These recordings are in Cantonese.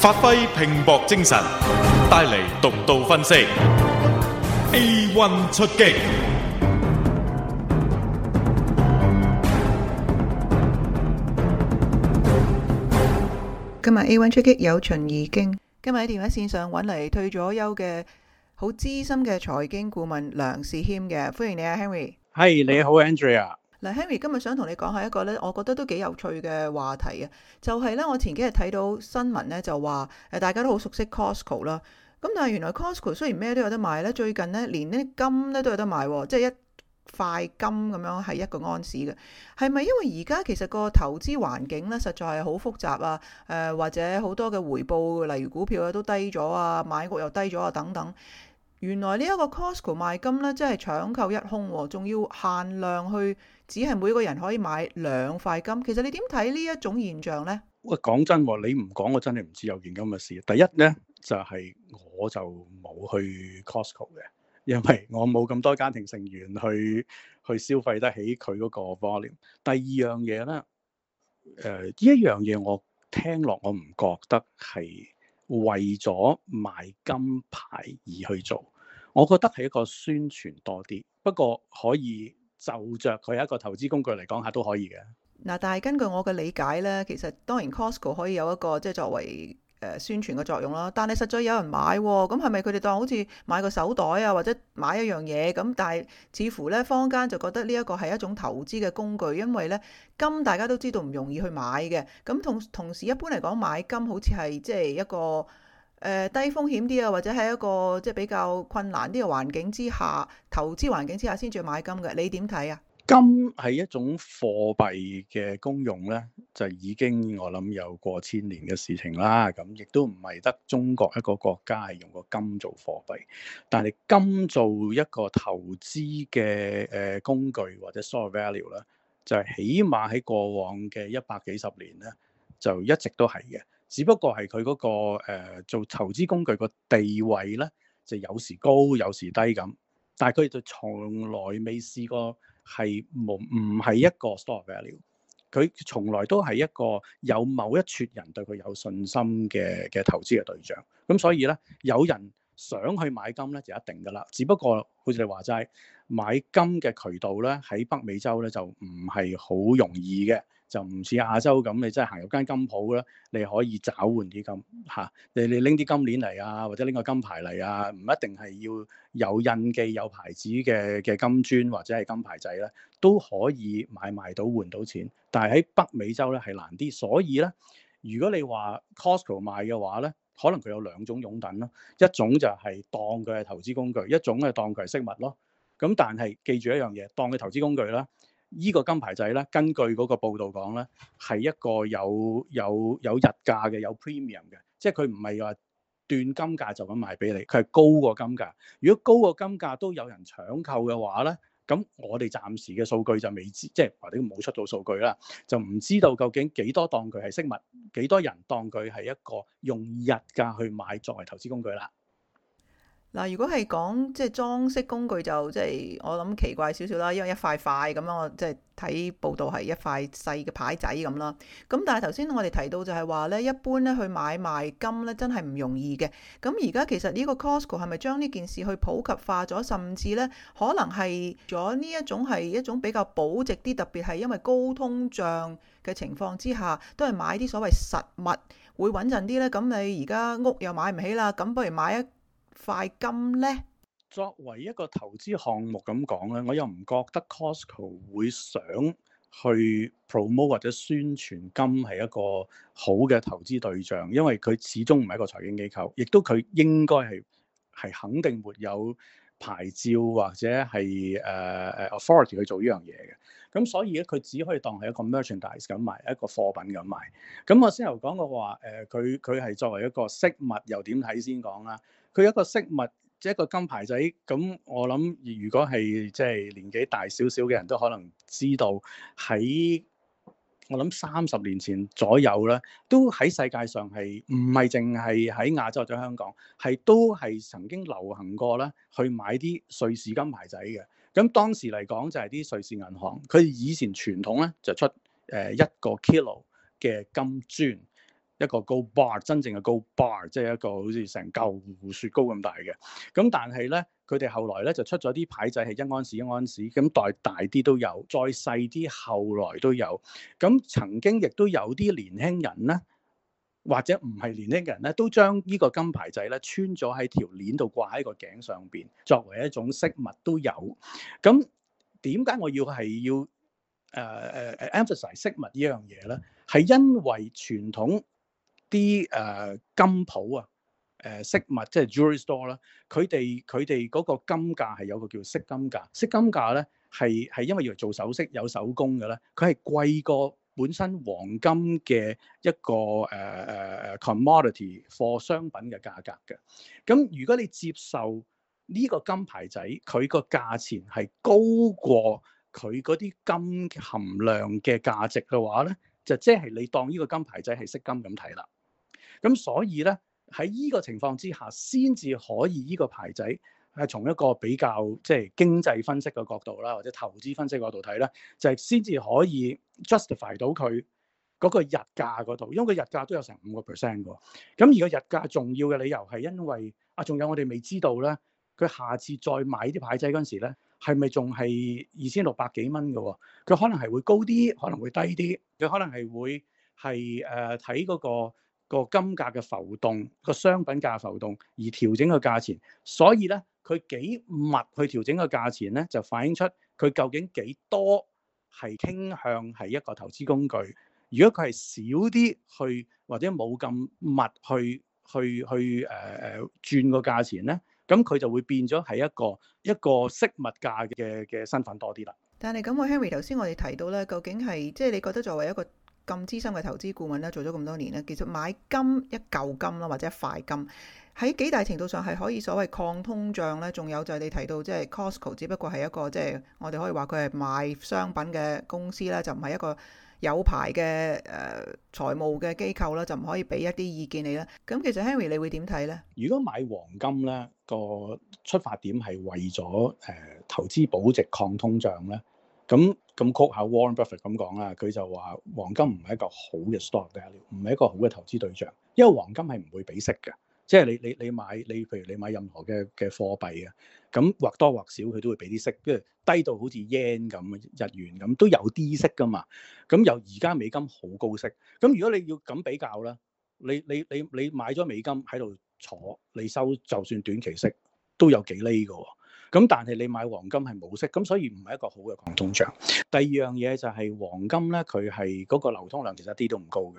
發揮拼搏精神，帶嚟獨到分析。A one 出擊，今日 A one 出擊有秦怡敬。今日喺電話線上揾嚟退咗休嘅好資深嘅財經顧問梁士謙嘅，歡迎你啊，Henry。係，你好，Andrea。嗱，Henry 今日想同你講係一個咧，我覺得都幾有趣嘅話題啊，就係咧，我前幾日睇到新聞咧，就話誒大家都好熟悉 Costco 啦，咁但係原來 Costco 雖然咩都有得賣咧，最近咧連啲金咧都有得賣喎，即係一塊金咁樣係一個安士嘅，係咪因為而家其實個投資環境咧，實在係好複雜啊？誒、呃、或者好多嘅回報，例如股票啊都低咗啊，買股又低咗啊，等等。原來呢一個 Costco 賣金咧，即係搶購一空，仲要限量去，只係每個人可以買兩塊金。其實你點睇呢一種現象咧？喂，講真，你唔講我真係唔知有件咁嘅事。第一咧就係、是、我就冇去 Costco 嘅，因為我冇咁多家庭成員去去消費得起佢嗰個 volume。第二樣嘢咧，誒呢一樣嘢我聽落我唔覺得係為咗賣金牌而去做。我覺得係一個宣傳多啲，不過可以就着佢一個投資工具嚟講下都可以嘅。嗱，但係根據我嘅理解呢，其實當然 Costco 可以有一個即係作為宣傳嘅作用咯。但係實在有人買，咁係咪佢哋當好似買個手袋啊，或者買一樣嘢？咁但係似乎呢，坊間就覺得呢一個係一種投資嘅工具，因為呢金大家都知道唔容易去買嘅。咁同同時一般嚟講，買金好似係即係一個。誒、呃、低風險啲啊，或者喺一個即係比較困難啲嘅環境之下，投資環境之下先至買金嘅，你點睇啊？金係一種貨幣嘅功用咧，就已經我諗有過千年嘅事情啦。咁亦都唔係得中國一個國家係用個金做貨幣，但係金做一個投資嘅誒工具或者 store of value 咧，就係起碼喺過往嘅一百幾十年咧，就一直都係嘅。只不過係佢嗰個、呃、做投資工具個地位咧，就有時高有時低咁。但係佢就從來未試過係冇唔係一個 store value，佢從來都係一個有某一撮人對佢有信心嘅嘅投資嘅對象。咁所以咧，有人想去買金咧就一定㗎啦。只不過好似你話齋，買金嘅渠道咧喺北美洲咧就唔係好容易嘅。就唔似亞洲咁，你真係行入間金鋪啦。你可以找換啲金，啊，你你拎啲金鏈嚟啊，或者拎個金牌嚟啊，唔一定係要有印記有牌子嘅嘅金磚或者係金牌仔咧，都可以買賣到換到錢。但係喺北美洲咧係難啲，所以咧，如果你 co 話 Costco 買嘅話咧，可能佢有兩種擁躉咯，一種就係當佢係投資工具，一種係當佢係飾物咯。咁但係記住一樣嘢，當佢投資工具啦。依個金牌仔咧，根據嗰個報導講咧，係一個有有有溢價嘅，有 premium 嘅，即係佢唔係話斷金價就咁賣俾你，佢係高過金價。如果高過金價都有人搶購嘅話咧，咁我哋暫時嘅數據就未知，即係或者冇出到數據啦，就唔知道究竟幾多當佢係飾物，幾多人當佢係一個用溢價去買作為投資工具啦。嗱，如果係講即係裝飾工具，就即係我諗奇怪少少啦，因為一塊塊咁我即係睇報道係一塊細嘅牌仔咁啦。咁但係頭先我哋提到就係話咧，一般咧去買賣金咧真係唔容易嘅。咁而家其實呢個 Costco 係咪將呢件事去普及化咗，甚至咧可能係咗呢一種係一種比較保值啲，特別係因為高通脹嘅情況之下，都係買啲所謂實物會穩陣啲咧。咁你而家屋又買唔起啦，咁不如買一塊金咧，作為一個投資項目咁講咧，我又唔覺得 Costco 會想去 promote 或者宣傳金係一個好嘅投資對象，因為佢始終唔係一個財經機構，亦都佢應該係係肯定沒有牌照或者係誒誒 authority 去做呢樣嘢嘅。咁所以咧，佢只可以當係一個 merchandise 咁賣，一個貨品咁賣。咁我先頭講過話，誒、呃，佢佢係作為一個飾物，又點睇先講啦。佢一個飾物，即一個金牌仔。咁我諗，如果係即係年紀大少少嘅人都可能知道，喺我諗三十年前左右啦，都喺世界上係唔係淨係喺亞洲或者香港，係都係曾經流行過啦，去買啲瑞士金牌仔嘅。咁當時嚟講就係啲瑞士銀行，佢以前傳統咧，就出誒一個 Kilo 嘅金磚。一個高 bar，真正嘅高 bar，即係一個好似成嚿雪糕咁大嘅。咁但係咧，佢哋後來咧就出咗啲牌仔係一安士、一安士，咁大大啲都有，再細啲後來都有。咁曾經亦都有啲年輕人咧，或者唔係年輕人咧，都將呢個金牌仔咧穿咗喺條鏈度掛喺個頸上邊，作為一種飾物都有。咁點解我要係要誒誒誒 emphasize 飾物這件事呢樣嘢咧？係因為傳統。啲誒金鋪啊，誒飾物即係、就是、jewelry store 啦、啊，佢哋佢哋嗰個金價係有個叫飾金價，飾金價咧係係因為要做首飾有手工嘅咧，佢係貴過本身黃金嘅一個誒誒誒 commodity 貨商品嘅價格嘅。咁如果你接受呢個金牌仔，佢個價錢係高過佢嗰啲金含量嘅價值嘅話咧，就即係你當呢個金牌仔係飾金咁睇啦。咁所以咧喺依個情況之下，先至可以依個牌仔係從一個比較即係經濟分析嘅角度啦，或者投資分析嘅角度睇咧，就係先至可以 justify 到佢嗰個日價嗰度，因為佢日價都有成五個 percent 嘅。咁而個日價重要嘅理由係因為啊，仲有我哋未知道咧，佢下次再買啲牌仔嗰陣時咧，係咪仲係二千六百幾蚊嘅？佢可能係會高啲，可能會低啲，佢可能係會係誒睇嗰個，個金價嘅浮動，個商品價浮動而調整個價錢，所以咧佢幾密去調整個價錢咧，就反映出佢究竟幾多係傾向係一個投資工具。如果佢係少啲去，或者冇咁密去去去誒誒、呃、轉個價錢咧，咁佢就會變咗係一個一個飾物價嘅嘅身份多啲啦。但係你咁，ry, 我 Henry 頭先我哋提到咧，究竟係即係你覺得作為一個？咁資深嘅投資顧問咧，做咗咁多年咧，其實買金，一嚿金啦，或者一塊金，喺幾大程度上係可以所謂抗通脹咧？仲有就係你提到，即係 Costco，只不過係一個即係，就是，我哋可以話佢係賣商品嘅公司咧，就唔係一個有牌嘅誒財務嘅機構啦，就唔可以俾一啲意見你啦。咁其實 Henry 你會點睇咧？如果買黃金咧，個出發點係為咗誒、呃、投資保值抗通脹咧？咁咁曲下 Warren Buffett 咁講啦，佢就話黃金唔係一個好嘅 stock，唔係一個好嘅投資對象，因為黃金係唔會俾息嘅，即係你你你買你譬如你買任何嘅嘅貨幣啊，咁或多或少佢都會俾啲息，跟住低到好似 yen 咁日元咁都有啲息噶嘛，咁由而家美金好高息，咁如果你要咁比較啦，你你你你買咗美金喺度坐，你收就算短期息都有幾釐㗎喎。咁但係你買黃金係冇息，咁所以唔係一個好嘅抗通脹。第二樣嘢就係黃金咧，佢係嗰個流通量其實一啲都唔高嘅。誒、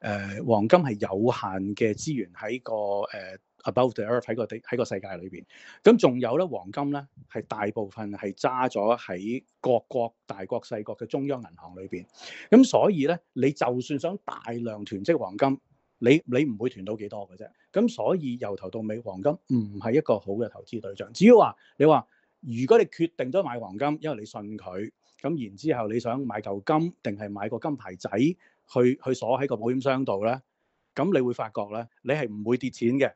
呃，黃金係有限嘅資源喺個誒、呃、above the earth 喺個地喺個世界裏邊。咁仲有咧，黃金咧係大部分係揸咗喺各國大國細國嘅中央銀行裏邊。咁所以咧，你就算想大量囤積黃金。你你唔會囤到幾多嘅啫，咁所以由頭到尾黃金唔係一個好嘅投資對象。只要話你話，如果你決定咗買黃金，因為你信佢，咁然之後你想買嚿金，定係買個金牌仔去去鎖喺個保險箱度咧，咁你會發覺咧，你係唔會跌錢嘅，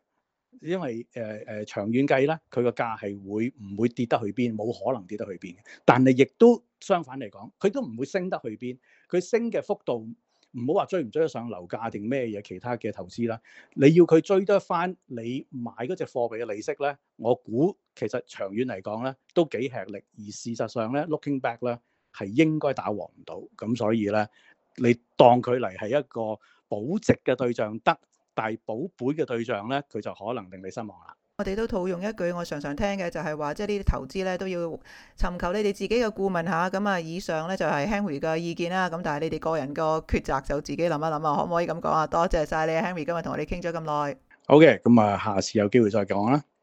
因為誒誒、呃、長遠計咧，佢個價係會唔會跌得去邊？冇可能跌得去邊嘅。但係亦都相反嚟講，佢都唔會升得去邊，佢升嘅幅度。唔好話追唔追得上樓價定咩嘢其他嘅投資啦，你要佢追得翻你買嗰隻貨幣嘅利息咧，我估其實長遠嚟講咧都幾吃力，而事實上咧 looking back 咧係應該打王唔到，咁所以咧你當佢嚟係一個保值嘅對象得，但係保本嘅對象咧佢就可能令你失望啦。我哋都套用一句，我常常聽嘅就係話，即係呢啲投資咧都要尋求你哋自己嘅顧問一下。咁啊，以上咧就係 Henry 嘅意見啦。咁但係你哋個人個抉擇就自己諗一諗啊，可唔可以咁講啊？多謝晒你 Henry 今日同我哋傾咗咁耐。OK，咁啊，下次有機會再講啦。